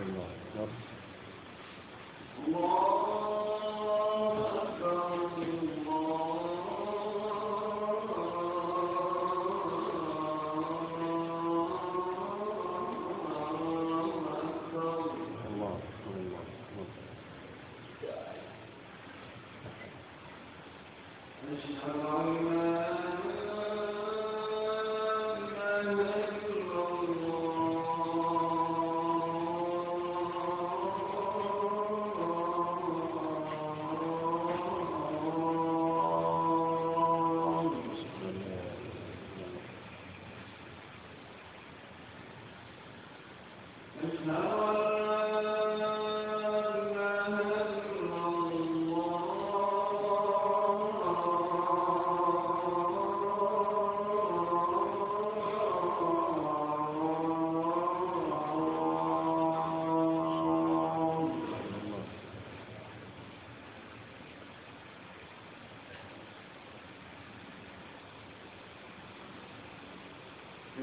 الله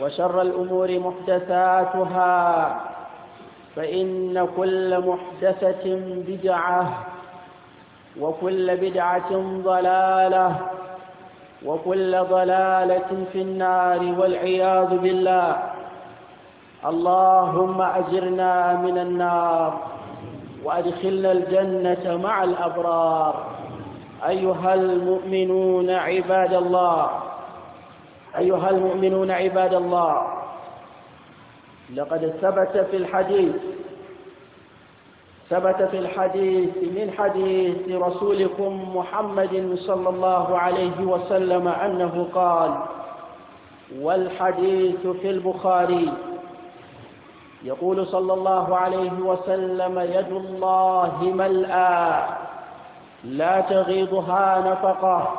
وشر الأمور محدثاتها فإن كل محدثة بدعة وكل بدعة ضلالة وكل ضلالة في النار والعياذ بالله اللهم أجرنا من النار وأدخلنا الجنة مع الأبرار أيها المؤمنون عباد الله أيها المؤمنون عباد الله لقد ثبت في الحديث ثبت في الحديث من حديث رسولكم محمد صلى الله عليه وسلم أنه قال والحديث في البخاري يقول صلى الله عليه وسلم يد الله ملأى لا تغيضها نفقة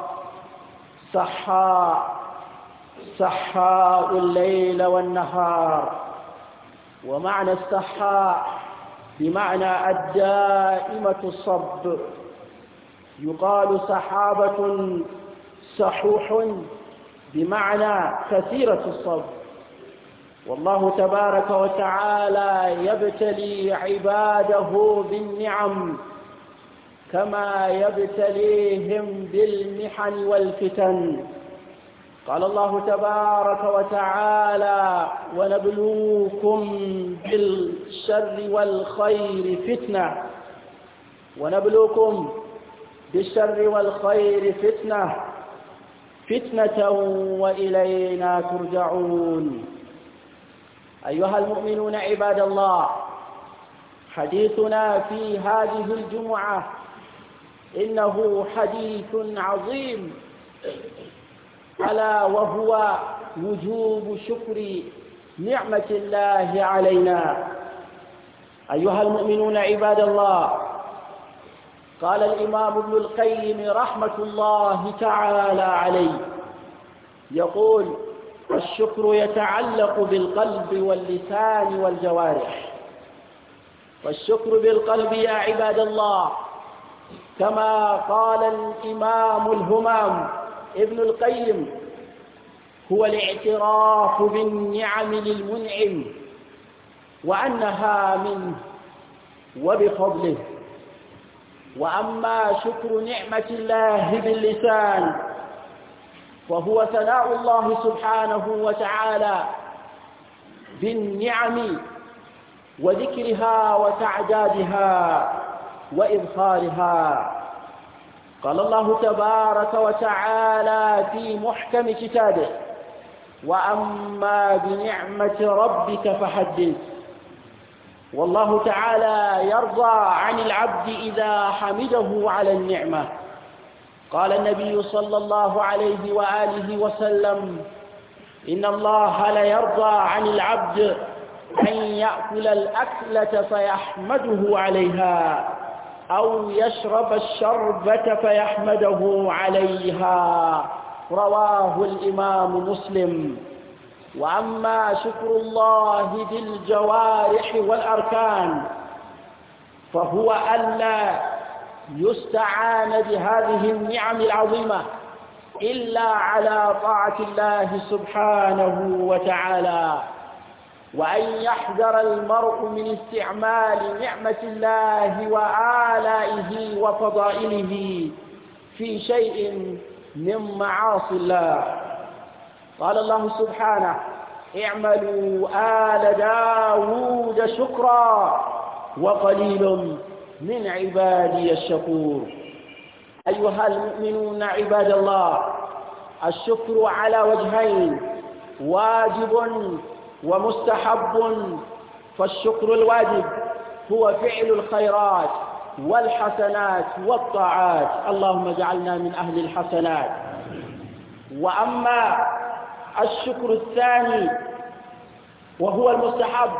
صحاء سحاء الليل والنهار ومعنى السحاء بمعنى الدائمة الصب يقال سحابة سحوح بمعنى كثيرة الصب والله تبارك وتعالى يبتلي عباده بالنعم كما يبتليهم بالمحن والفتن قال الله تبارك وتعالى ونبلوكم بالشر والخير فتنة ونبلوكم بالشر والخير فتنة فتنة وإلينا ترجعون أيها المؤمنون عباد الله حديثنا في هذه الجمعة إنه حديث عظيم ألا وهو وجوب شكر نعمة الله علينا أيها المؤمنون عباد الله قال الإمام ابن القيم رحمة الله تعالى عليه يقول الشكر يتعلق بالقلب واللسان والجوارح والشكر بالقلب يا عباد الله كما قال الإمام الهمام ابن القيم هو الاعتراف بالنعم للمنعم وأنها منه وبفضله وأما شكر نعمة الله باللسان فهو ثناء الله سبحانه وتعالى بالنعم وذكرها وتعدادها وإظهارها قال الله تبارك وتعالى في محكم كتابه وأما بنعمة ربك فحدث والله تعالى يرضى عن العبد إذا حمده على النعمة قال النبي صلى الله عليه وآله وسلم إن الله لا يرضى عن العبد أن يأكل الأكلة فيحمده عليها أو يشرب الشربة فيحمده عليها رواه الإمام مسلم وأما شكر الله بالجوارح والأركان فهو ألا يستعان بهذه النعم العظيمة إلا على طاعة الله سبحانه وتعالى وأن يحذر المرء من استعمال نعمة الله وآلائه وفضائله في شيء من معاصي الله قال الله سبحانه اعملوا آل داود شكرا وقليل من عبادي الشكور أيها المؤمنون عباد الله الشكر على وجهين واجب ومستحب فالشكر الواجب هو فعل الخيرات والحسنات والطاعات اللهم اجعلنا من أهل الحسنات وأما الشكر الثاني وهو المستحب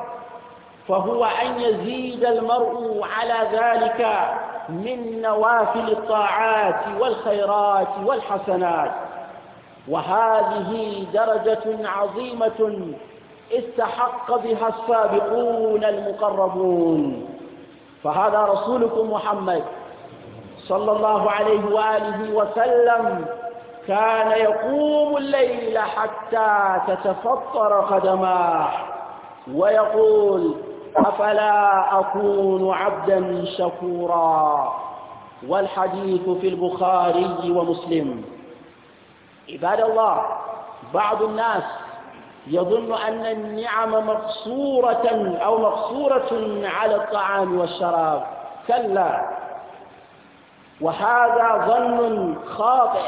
فهو أن يزيد المرء على ذلك من نوافل الطاعات والخيرات والحسنات وهذه درجة عظيمة استحق بها السابقون المقربون فهذا رسولكم محمد صلى الله عليه وآله وسلم كان يقوم الليل حتى تتفطر قدماه ويقول أفلا أكون عبدا شكورا والحديث في البخاري ومسلم عباد الله بعض الناس يظن أن النعم مقصورة أو مقصورة على الطعام والشراب كلا وهذا ظن خاطئ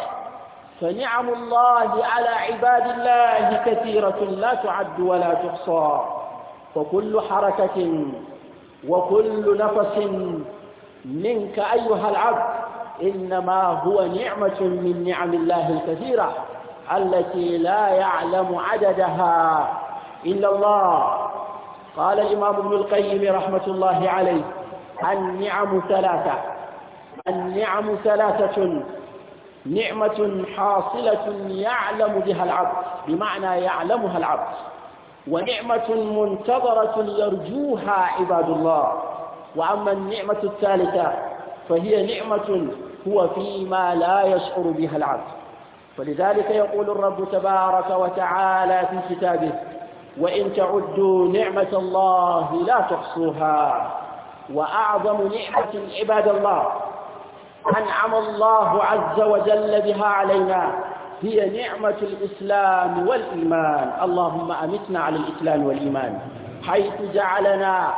فنعم الله على عباد الله كثيرة لا تعد ولا تحصى وكل حركة وكل نفس منك أيها العبد إنما هو نعمة من نعم الله الكثيرة التي لا يعلم عددها إلا الله قال الإمام ابن القيم رحمة الله عليه النعم ثلاثة النعم ثلاثة نعمة حاصلة يعلم بها العبد بمعنى يعلمها العبد ونعمة منتظرة يرجوها عباد الله وأما النعمة الثالثة فهي نعمة هو فيما لا يشعر بها العبد فلذلك يقول الرب تبارك وتعالى في كتابه وإن تعدوا نعمة الله لا تحصوها وأعظم نعمة عباد الله أنعم الله عز وجل بها علينا هي نعمة الإسلام والإيمان اللهم أمتنا على الإسلام والإيمان حيث جعلنا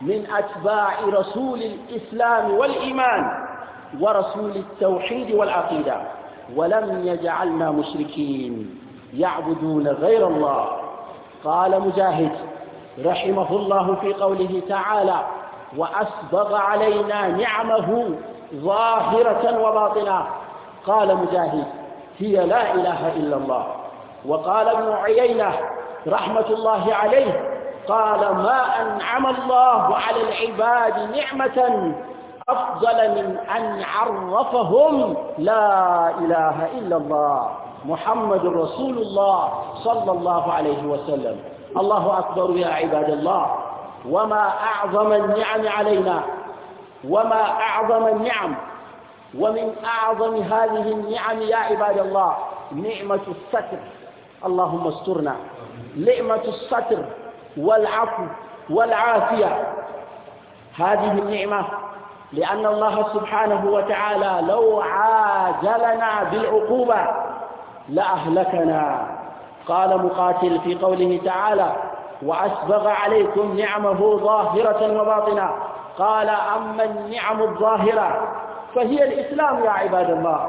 من أتباع رسول الإسلام والإيمان ورسول التوحيد والعقيدة ولم يجعلنا مشركين يعبدون غير الله قال مجاهد رحمه الله في قوله تعالى وأسبغ علينا نعمه ظاهرة وباطنة قال مجاهد هي لا إله إلا الله وقال ابن عيينة رحمة الله عليه قال ما أنعم الله على العباد نعمة أفضل من أن عرفهم لا إله إلا الله محمد رسول الله صلى الله عليه وسلم الله أكبر يا عباد الله وما أعظم النعم علينا وما أعظم النعم ومن أعظم هذه النعم يا عباد الله نعمة الستر اللهم استرنا نعمة الستر والعفو والعافية هذه النعمة لأن الله سبحانه وتعالى لو عاجلنا بالعقوبة لأهلكنا قال مقاتل في قوله تعالى وأسبغ عليكم نعمه ظاهرة وباطنة قال أما النعم الظاهرة فهي الإسلام يا عباد الله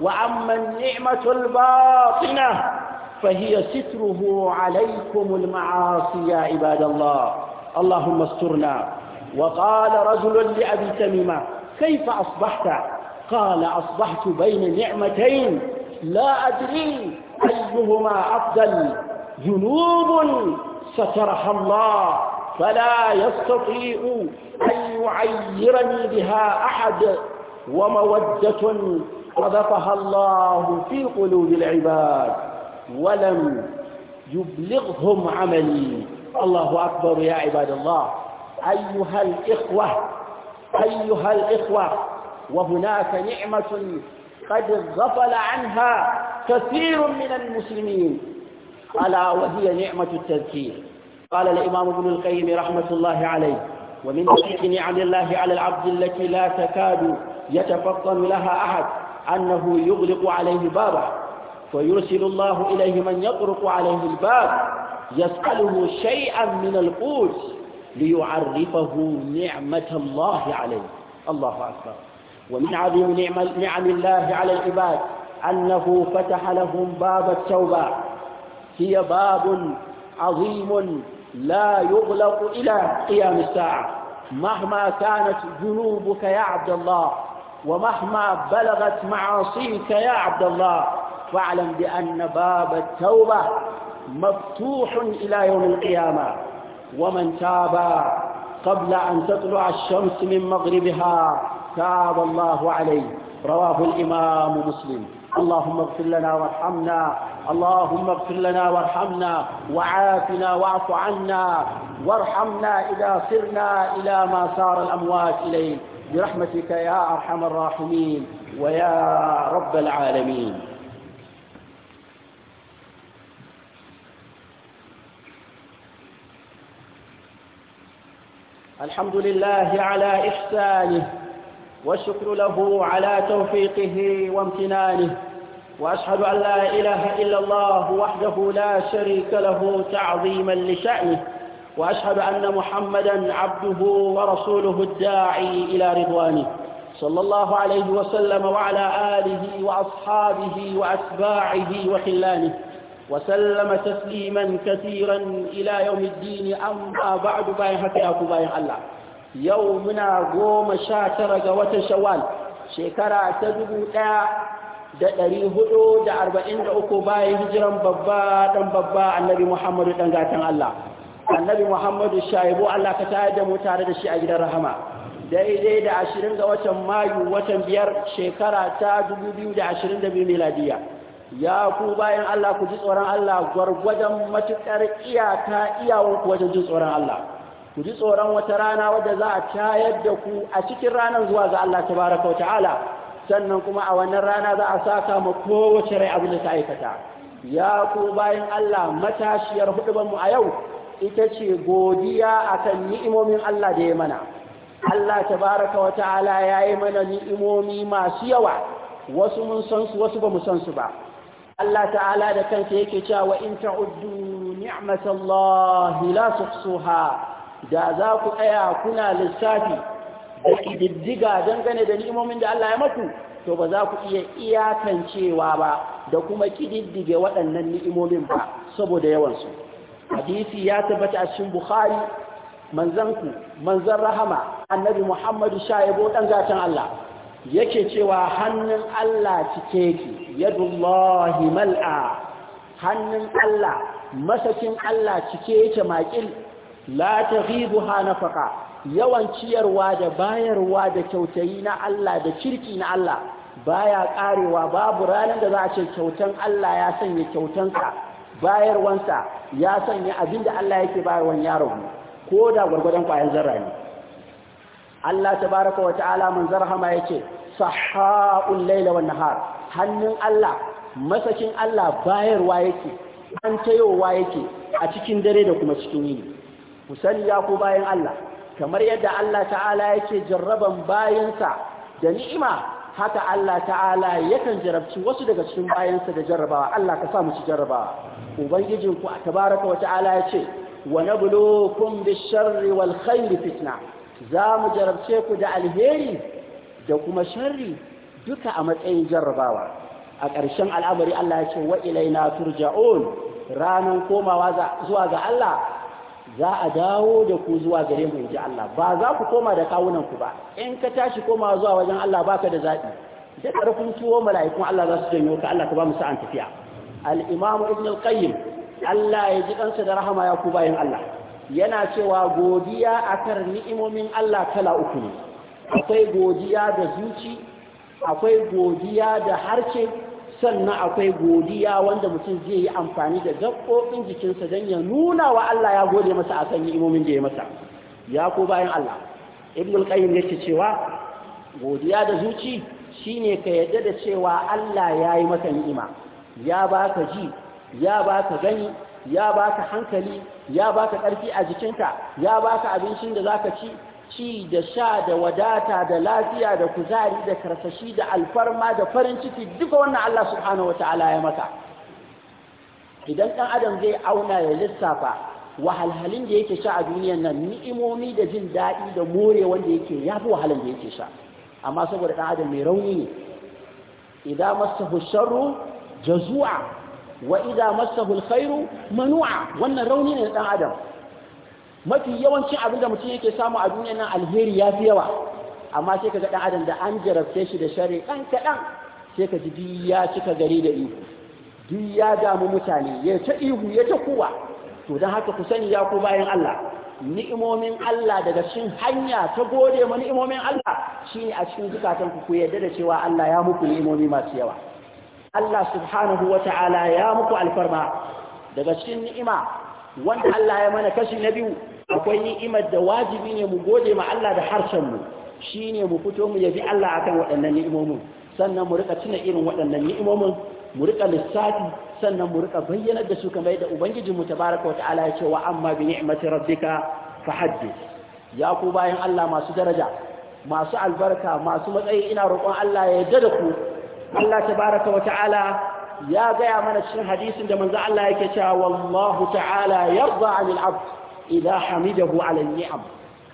وأما النعمة الباطنة فهي ستره عليكم المعاصي يا عباد الله اللهم استرنا وقال رجل لأبي تميمة كيف أصبحت قال أصبحت بين نعمتين لا أدري أيهما أفضل ذنوب سترها الله فلا يستطيع أن يعيرني بها أحد ومودة قذفها الله في قلوب العباد ولم يبلغهم عملي الله أكبر يا عباد الله أيها الإخوة أيها الإخوة وهناك نعمة قد غفل عنها كثير من المسلمين ألا وهي نعمة التذكير قال الإمام ابن القيم رحمة الله عليه ومن تلك نعم الله على العبد التي لا تكاد يتفطن لها أحد أنه يغلق عليه بابه فيرسل الله إليه من يطرق عليه الباب يسأله شيئا من القوس ليعرفه نعمة الله عليه الله أكبر ومن عظيم نعم, نعم الله على العباد أنه فتح لهم باب التوبة هي باب عظيم لا يغلق إلى قيام الساعة مهما كانت ذنوبك يا عبد الله ومهما بلغت معاصيك يا عبد الله فاعلم بأن باب التوبة مفتوح إلى يوم القيامة ومن تاب قبل أن تطلع الشمس من مغربها تاب الله عليه رواه الإمام مسلم اللهم اغفر لنا وارحمنا اللهم اغفر لنا وارحمنا وعافنا واعف عنا وارحمنا إذا سرنا إلى ما سار الأموات إليه برحمتك يا أرحم الراحمين ويا رب العالمين الحمد لله على إحسانه والشكر له على توفيقه وامتنانه وأشهد أن لا إله إلا الله وحده لا شريك له تعظيما لشأنه وأشهد أن محمدا عبده ورسوله الداعي إلى رضوانه صلى الله عليه وسلم وعلى آله وأصحابه وأتباعه وخلانه وسلم تسليما كثيرا إلى يوم الدين أما بعد باين حتى أكو باين الله يومنا قوم شاترك وتشوال شكرا تدبو da ɗari da arba'in da uku bayan hijiran babba dan babba annabi Muhammadu ɗan gatan Allah. Annabi Muhammadu shaibu Allah ka tayar da mu tare da shi a gidan rahama. Daidai da ashirin ga watan Mayu watan biyar shekara ta dubu biyu da ashirin da biyu ya ku bayan Allah ku ji tsoron Allah gwargwadon matuƙar iyaka iyawanku wajen jin tsoron Allah ku ji tsoron wata rana wadda za a tayar da ku a cikin ranar zuwa ga Allah ta baraka wa ta'ala sannan kuma a wannan rana za a saka ma kowace rai abin da ta aikata ya ku bayan Allah matashiyar hudubar mu a yau ita ce godiya a kan ni'imomin Allah da ya mana Allah ta baraka wa ta'ala ya yi mana ni'imomi masu yawa wasu mun san su wasu ba mu san su ba Allah ta'ala da kansa yake cewa wa in ta'uddu ni'matallahi la tuhsuha da za ku tsaya kuna lissafi da ƙididdiga dangane da ni'imomin da Allah ya maku to ba za ku iya iyakancewa ba da kuma kididdige waɗannan ni'imomin ba saboda yawansu hadisi ya tabbata a cikin bukhari manzanku manzan rahama annabi muhammadu shaibo dan gatan Allah yake cewa hannun Allah cike yake yadullahi mal'a hannun Allah masakin Allah cike yake makil la taghibu hanafaka yawan ciyarwa da bayarwa da kyautayi na Allah da kirki na Allah baya karewa babu ranar da za a ce kyautan Allah ya sanya kyautansa bayarwansa ya sanya abinda Allah yake bayarwan yaro ko da gwargwadon kwayan zarra ne Allah tabaraka wa ta'ala manzar hama yake sahhaul layla wan nahar hannun Allah masakin Allah bayarwa yake an tayowa yake a cikin dare da kuma cikin yini musali ya ku bayan Allah kamar yadda Allah ta'ala yake jarraban bayansa da ni'ima haka Allah ta'ala yakan jarabci wasu daga cikin bayansa da jarrabawa Allah ka sa mu ci jarrabawa ubangijinku tabaraka wa ta'ala yace wa nabluukum bish-sharri wal-khayri fitna za mu jarabce ku da alheri da kuma sharri duka a matsayin jarrabawa a ƙarshen al'amari Allah ya ce wa ilaina turja'un ranan komawa zuwa ga Allah za a dawo da ku zuwa gare mu inji Allah ba za ku koma da kawunan ku ba in ka tashi komawa zuwa wajen Allah baka da zabi da karfin tuwo mala'iku Allah za su janyo ka Allah ka ba mu sa'an tafiya al-imam ibn al-qayyim Allah ya ji kansa da rahama ya ku bayin Allah yana cewa godiya akan ni'imomin Allah kala uku ne akwai godiya da zuci akwai godiya da harshe sannan akwai godiya wanda mutum zai yi amfani da gaɓoɓin jikinsa don ya nuna wa Allah ya gode masa a kan ni'imomin da ya masa ya ko bayan Allah ibn al-qayyim yake cewa godiya da zuci shine ka yadda da cewa Allah ya yi maka ni'ima ya ba ka ji ya ba ka gani ya baka hankali ya baka ƙarfi a jikinka ya baka abincin da zaka ci ci da sha da wadata da lafiya da kuzari da karsashi da alfarma da farin ciki duka wannan Allah subhanahu wataala ya maka idan ɗan adam zai auna ya lissafa wahalhalin da yake sha a duniyan nan ni'imomi da jin daɗi da more wanda yake ya fi wahalan da yake sha amma saboda ɗan adam mai rauni ne idan masa husharu jazu'a wa idza massahu manu'a wannan rauni ne dan adam mafi yawancin abin da mutum yake samu a duniyar nan alheri ya fi yawa amma sai kaga dan adam da an jarabce shi da shari dan kadan sai ka ji ya cika gari da ihu duk ya damu mutane ya ta ihu ya ta kuwa to don haka ku sani ya ku bayan Allah ni'imomin Allah daga cikin hanya ta gode ma ni'imomin Allah shine a cikin zukatan ku ku yarda da cewa Allah ya muku ni'imomi masu yawa Allah subhanahu wa ta'ala ya muku alfarma daga cikin ni'ima wanda Allah ya mana kashi na biyu akwai ni'imar da wajibi ne mu gode ma Allah da harshen mu ne mu fito mu yabi Allah akan waɗannan ni'imomin sannan mu rika tuna irin waɗannan ni'imomin mu rika lissafi sannan mu rika bayyanar da su kamar yadda ubangijinmu tabaraka wa ta'ala ya ce wa amma bi ni'mati rabbika fahaddith ya ku bayan Allah masu daraja masu albarka masu matsayi ina roƙon Allah ya yarda da ku Allah tabaraka wa ta'ala ya gaya mana cikin hadisin da manzo Allah yake cewa wallahu ta'ala yarda 'anil 'abd idha hamidahu 'ala ni'am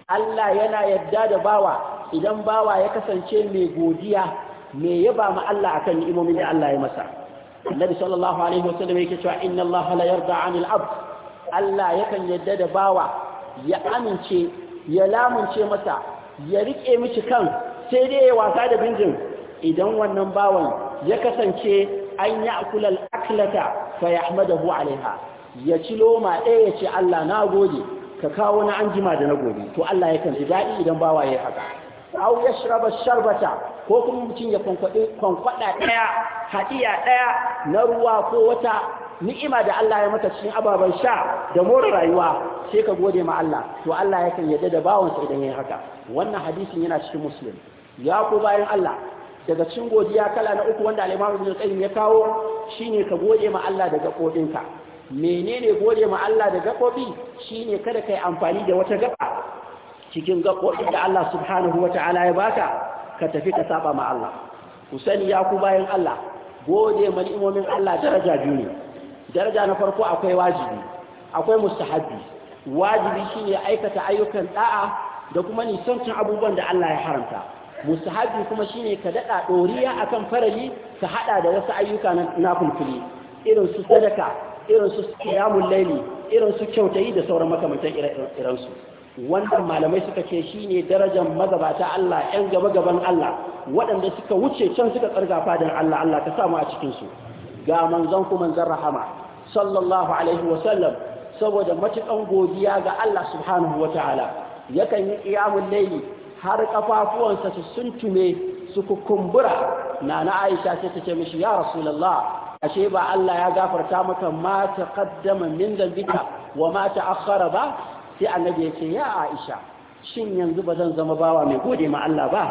Allah yana yadda da bawa idan bawa ya kasance mai godiya mai yaba ma Allah akan ni'imomin da Allah ya masa Annabi sallallahu alaihi wasallam yake cewa inna Allah la yarda 'anil 'abd Allah yakan yadda da bawa ya amince ya lamunce masa ya rike mishi kan sai dai ya wasa da bindin idan wannan bawan ya kasance an ya akulal aklata fa alaiha ya ci loma ɗaya ya ce Allah na gode ka kawo na anjima da na gode to Allah ya ji daɗi idan bawa ya haka aw yashraba sharbata ko kuma mutum ya kwankwade kwankwada daya hadiya daya na ruwa ko wata ni'ima da Allah ya mata cikin ababen sha da more rayuwa sai ka gode ma Allah to Allah ya kan yadda da bawansa idan yayin haka wannan hadisin yana cikin muslim ya ku bayan Allah daga cin godiya kala na uku wanda alimamu imam ya kawo shine ka gode ma Allah da gaɓoɓinka menene gode ma Allah da gaɓoɓi shine kada ka yi amfani da wata gaɓa? cikin gaɓoɓin da Allah subhanahu wata'ala ya baka ka tafi ka saba ma Allah ku sani ya ku bayan Allah gode ma ni'imomin Allah daraja biyu ne daraja na farko akwai wajibi akwai mustahabbi wajibi shine aikata ayyukan da'a da kuma nisancin abubuwan da Allah ya haramta mustahabi kuma shine ka dada doriya akan farali ka hada da wasu ayyuka na kulkuli irin su sadaka irin su qiyamul layli irin su kyautayi da sauran makamantan irin su wannan malamai suka ce shine darajar magabata Allah yan gaba gaban Allah waɗanda suka wuce can suka tsarga fadin Allah Allah ka samu a cikin su ga manzon ku manzon rahama sallallahu alaihi wa sallam saboda matukan godiya ga Allah subhanahu wataala yakan yi qiyamul layli har kafafuwansa su suntume su kukumbura na na aisha sai ta ce mishi ya rasulallah ashe ba Allah ya gafarta maka ma ta kaddama min zambika wa ma ta akhara ba sai annabi ya ce ya aisha shin yanzu ba zan zama bawa mai gode ma Allah ba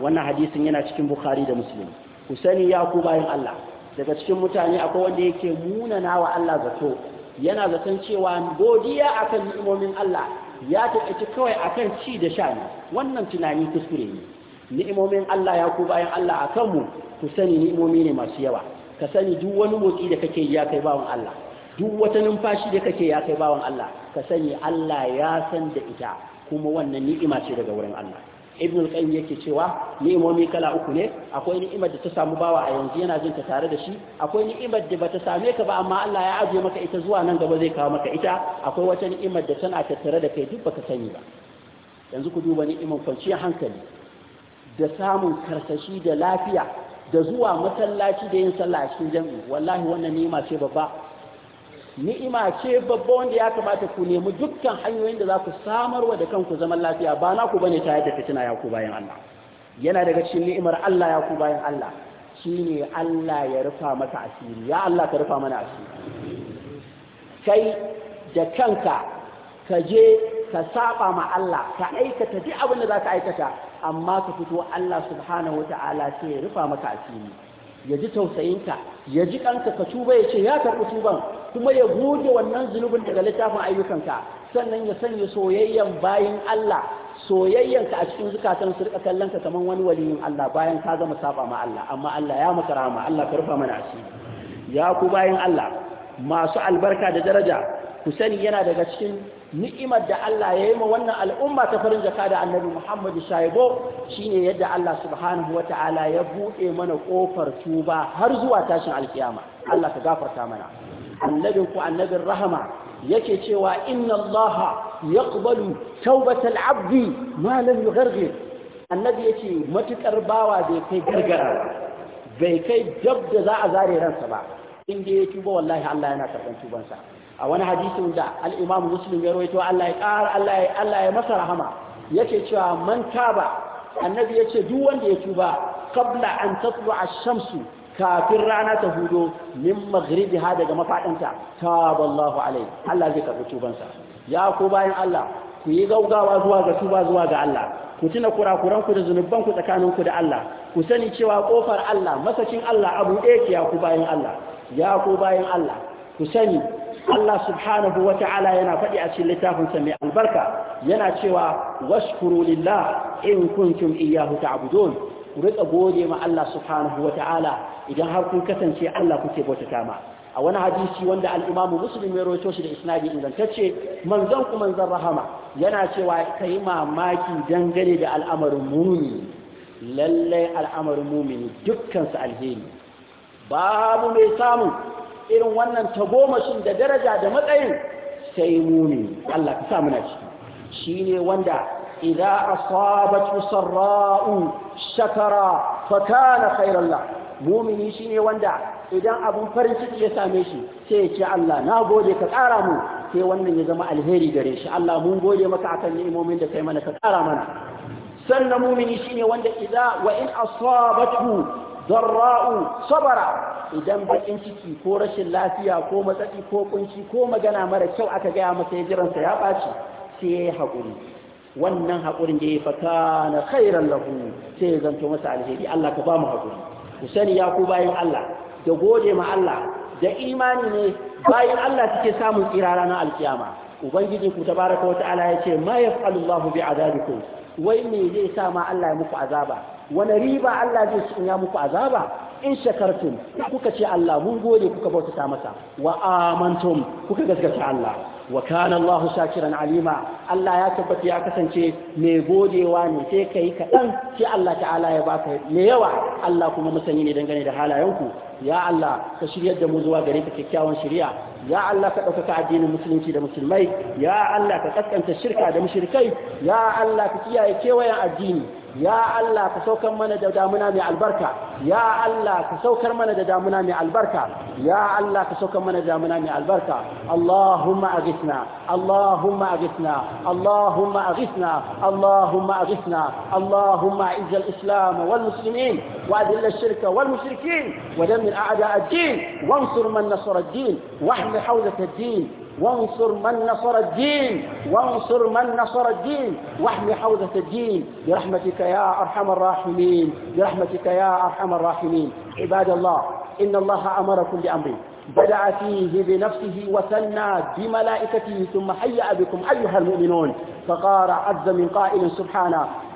wannan hadisin yana cikin bukhari da muslim ku sani ya ku bayan Allah daga cikin mutane akwai wanda yake munana wa Allah zato yana zaton cewa godiya akan ni'imomin Allah ya taƙaice kawai akan ci da sha ne wannan tunani kuskure ne ni'imomin Allah ya ku bayan Allah a kanmu ku sani ni'imomi ne masu yawa ka sani duk wani motsi da kake ya kai bawan Allah duk wata numfashi da kake ya kai bawan Allah ka sani Allah ya san da ita kuma wannan ni'ima ce daga wurin Allah ibn al-qayyim yake cewa ni'imomi kala uku ne akwai ni'imar da ta samu bawa a yanzu yana jin ta tare da shi akwai ni'imar da bata same ka ba amma Allah ya ajiye maka ita zuwa nan gaba zai kawo maka ita akwai wata ni'imar da tana tattare da kai duk baka sani ba yanzu ku duba ni'imar kwanciyar hankali da samun karsashi da lafiya da zuwa masallaci da yin sallah a cikin jami'i wallahi wannan ni'ima ce babba ni'ima ce babba wanda ya kamata ku nemi dukkan hanyoyin da za ku samarwa da kanku zaman lafiya ba na ku bane ta yadda ta ya ku bayan Allah yana daga cikin ni'imar Allah ya ku bayan Allah shine Allah ya rufa maka asiri ya Allah ka rufa mana asiri kai da kanka ka je ka saba ma Allah ka aikata duk abin da zaka aikata amma ka fito Allah subhanahu wataala sai ya rufa maka asiri ya ji tausayinka ya ji kanka ka tuba ya ce ya karɓi tuban kuma ya goge wannan zunubin daga littafin ayyukanka sannan ya sanya soyayyen bayin Allah soyayyanka a cikin zukatan su rika kallon ka kaman wani waliyin Allah bayan ka zama saba ma Allah amma Allah ya maka rahama Allah ka rufa mana asiri ya ku bayan Allah masu albarka da daraja ku sani yana daga cikin ni'imar da Allah ya yi ma wannan al'umma ta farin jaka da annabi Muhammadu Shaibo shine yadda Allah subhanahu wata'ala ya buɗe mana ƙofar tuba har zuwa tashin alkiyama Allah ka gafarta mana annabin ku annabin rahama yake cewa inna Allah yaqbalu tawbatal abdi ma lam yughargir annabi yace matukar bawa bai kai gargara bai kai dab da za a zare ransa ba in da ya tuba wallahi Allah yana karban tubansa a wani hadisi da al-Imam Muslim ya rawaito Allah ya kar Allah ya Allah ya masa rahama yake cewa man taba annabi yace duk wanda ya tuba qabla an tatlu'a ash-shamsu kafin rana ta hudo min maghribi ha daga mafadanta taballahu alai Allah zai karɓi tubansa ya ko bayan Allah ku yi gaugawa zuwa ga tuba zuwa ga Allah ku tuna kurakuran ku da zunuban ku tsakanin ku da Allah ku sani cewa kofar Allah masakin Allah abu ɗaya ya ku bayan Allah ya ku bayan Allah ku sani Allah subhanahu wa ta'ala yana faɗi a cikin littafin sa mai albarka yana cewa washkuru lillah in kuntum iyyahu ta'budun ku rika gode ma Allah subhanahu ta'ala idan har kun kasance Allah kuke bautata ma a wani hadisi wanda al-Imam Muslim ya rawaito shi da isnadi ingantacce manzon ku manzon rahama yana cewa kai mamaki dangane da al'amarin mumin lalle al'amarin mumini dukkan su alheri babu mai samu irin wannan tagomashin da daraja da matsayin sai mumin Allah ka sa muna ciki shine wanda إذا أصابته سراء شكر فكان خيرا له mumini shi ne wanda idan abun farin ciki ya same shi sai ya ce Allah na gode ka ƙara mu sai wannan ya zama alheri gare shi Allah mun gode maka akan ni'imomin da kai mana ka ƙara mana sannan mumini shi ne wanda idza wa in sabara idan bakin ciki ko rashin lafiya ko matsatsi ko kunci ko magana mara kyau aka gaya masa ya jiransa ya ɓaci sai ya haƙuri wannan haƙurin da ya fata na khairan lahu sai ya zanto masa alheri Allah ka ba mu haƙuri ku sani ya ku bayan Allah da gode ma Allah da imani ne bayan Allah suke samun kirara ranar alkiyama ubangiji ku tabaraka wa ta'ala ya ce ma yaf'alu Allahu bi azabikum wai me zai sa ma Allah ya muku azaba wani riba Allah zai ci ya muku azaba in shakartum kuka ce Allah mun gode kuka bauta masa wa amantum kuka gaskata Allah wa kana Allahu shakiran alima Allah ya tabbata ya kasance mai godewa ne sai kai kaɗan sai Allah ta'ala ya baka me yawa Allah kuma musani ne dangane da halayenku ya Allah ka shiryar da mu zuwa gare ka kyakkyawan shari'a يا الله كتبت عجين المسلمين في المسلمين يا الله كتبت أنت الشركة ده مشركين يا الله كتيا كيوا يا عجين يا الله كسوكر من ده دامنا مع البركة يا الله كسوكر من ده دامنا مع البركة يا الله كسوكر من ده دامنا مع البركة اللهم أغثنا اللهم أغثنا اللهم أغثنا اللهم أغثنا اللهم أعز الإسلام والمسلمين وأذل الشرك والمشركين ودمر أعداء الدين وانصر من نصر الدين واحمل حوزة حوزة الدين وانصر من نصر الدين وانصر من نصر الدين واحمي حوزة الدين برحمتك يا أرحم الراحمين برحمتك يا أرحم الراحمين عباد الله إن الله أمركم بأمره بدأ فيه بنفسه وثنى بملائكته ثم حيأ بكم أيها المؤمنون فقال عز من قائل سبحانه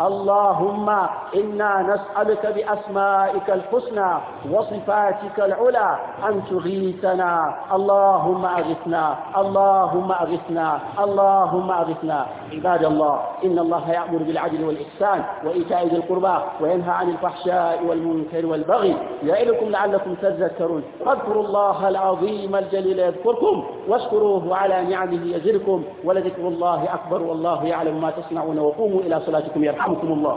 اللهم إنا نسألك بأسمائك الحسنى وصفاتك العلى أن تغيثنا اللهم أغثنا اللهم أغثنا اللهم أغثنا عباد الله إن الله يأمر بالعدل والإحسان وإيتاء ذي القربى وينهى عن الفحشاء والمنكر والبغي يعظكم لعلكم تذكرون فاذكروا الله العظيم الجليل يذكركم واشكروه على نعمه يزركم ولذكر الله أكبر والله يعلم ما تصنعون وقوموا إلى صلاتكم يرحمكم yarhamukumullah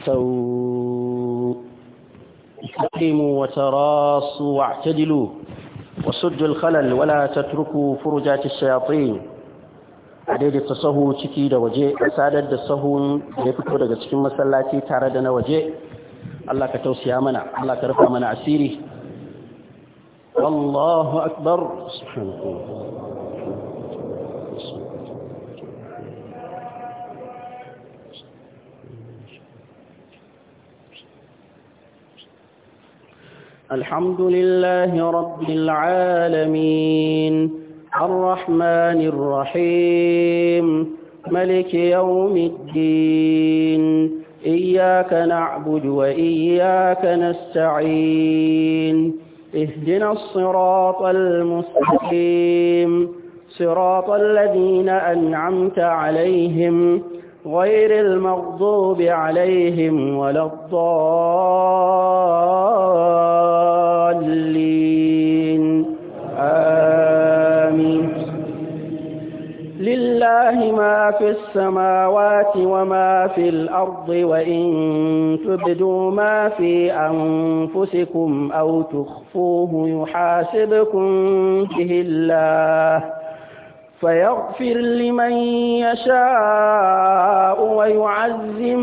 استووا استقيموا وتراصوا واعتدلوا وسدوا الخلل ولا تتركوا فرجات الشياطين a daidaita sahu ciki da waje a sadar da sahun da ya fito daga cikin masallaci tare da na waje Allah ka tausiya mana Allah ka rufa mana asiri Allahu akbar subhanahu الحمد لله رب العالمين الرحمن الرحيم ملك يوم الدين إياك نعبد وإياك نستعين اهدنا الصراط المستقيم صراط الذين أنعمت عليهم غير المغضوب عليهم ولا الضالين آمين لله ما في السماوات وما في الأرض وإن تبدوا ما في أنفسكم أو تخفوه يحاسبكم به الله فيغفر لمن يشاء ويعزم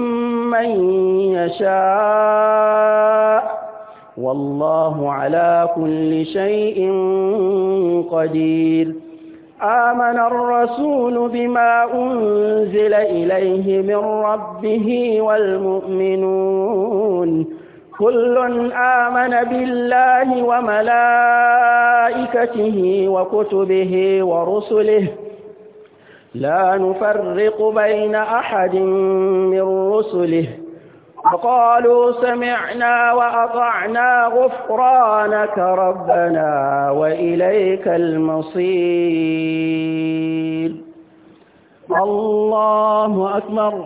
من يشاء والله على كل شيء قدير آمن الرسول بما أنزل إليه من ربه والمؤمنون كل آمن بالله وملائكته وكتبه ورسله لا نفرق بين أحد من رسله وقالوا سمعنا وأطعنا غفرانك ربنا وإليك المصير الله أكبر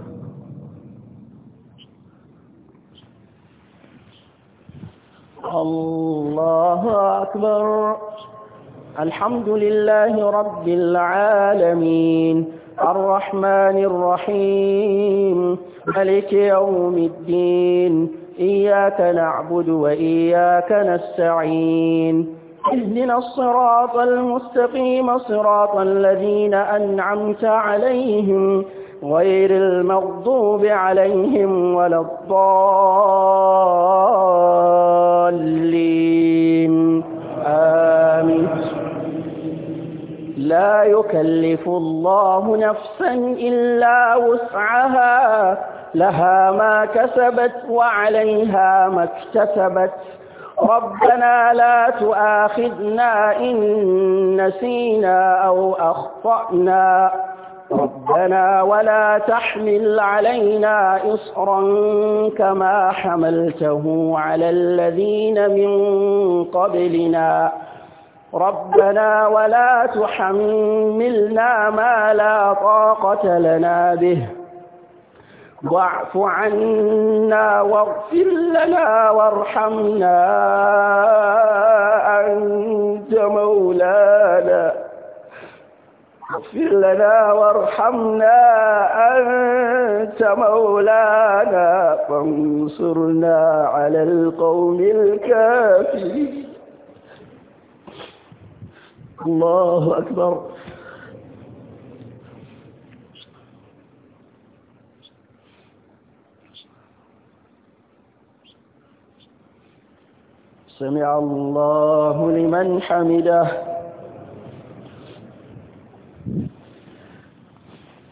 أكبر الحمد لله رب العالمين الرحمن الرحيم ملك يوم الدين إياك نعبد وإياك نستعين اهدنا الصراط المستقيم صراط الذين أنعمت عليهم غير المغضوب عليهم ولا الضالين آمين لا يكلف الله نفسا إلا وسعها لها ما كسبت وعليها ما اكتسبت ربنا لا تؤاخذنا إن نسينا أو أخطأنا ربنا ولا تحمل علينا إصرا كما حملته على الذين من قبلنا ربنا ولا تحملنا ما لا طاقة لنا به واعف عنا واغفر لنا وارحمنا أنت مولانا اغفر لنا وارحمنا أنت مولانا فانصرنا على القوم الكافرين الله أكبر سمع الله لمن حمده